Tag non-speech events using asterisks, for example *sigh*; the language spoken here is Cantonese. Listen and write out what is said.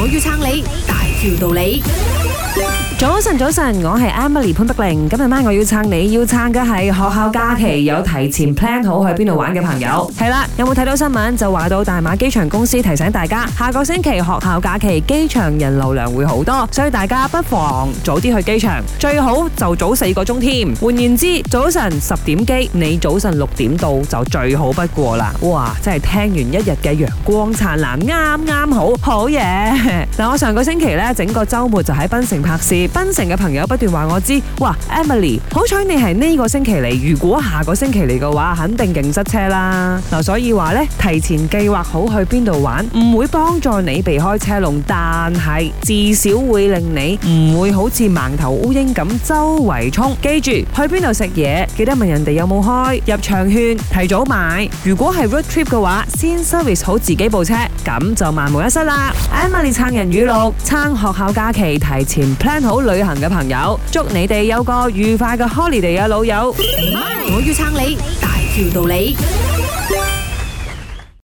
我要撐你，大條道理。早晨，早晨，我係 Emily 潘德玲。今日晚我要撐你，要撐嘅係學校假期有提前 plan 好去邊度玩嘅朋友。係啦， *music* 有冇睇到新聞就話到大馬機場公司提醒大家，下個星期學校假期機場人流量會好多，所以大家不妨早啲去機場，最好就早四個鐘添。換言之，早晨十點機，你早晨六點到就最好不過啦。哇，真係聽完一日嘅陽光燦爛，啱啱好，好嘢。嗱， *laughs* 我上個星期呢，整個周末就喺檳城拍攝。檳城嘅朋友不斷話我知，哇，Emily，好彩你係呢個星期嚟，如果下個星期嚟嘅話，肯定勁塞車啦。嗱，所以話呢，提前計劃好去邊度玩，唔會幫助你避開車龍，但係至少會令你唔會好似盲頭烏蠅咁周圍衝。記住，去邊度食嘢，記得問人哋有冇開入場券，提早買。如果係 road trip 嘅話，先 service 好自己部車，咁就萬無一失啦。Emily 撐人語錄，撐學校假期，提前 plan 好，旅行嘅朋友，祝你哋有個愉快嘅 holiday 啊，老友！唔我要撐你，大條道理。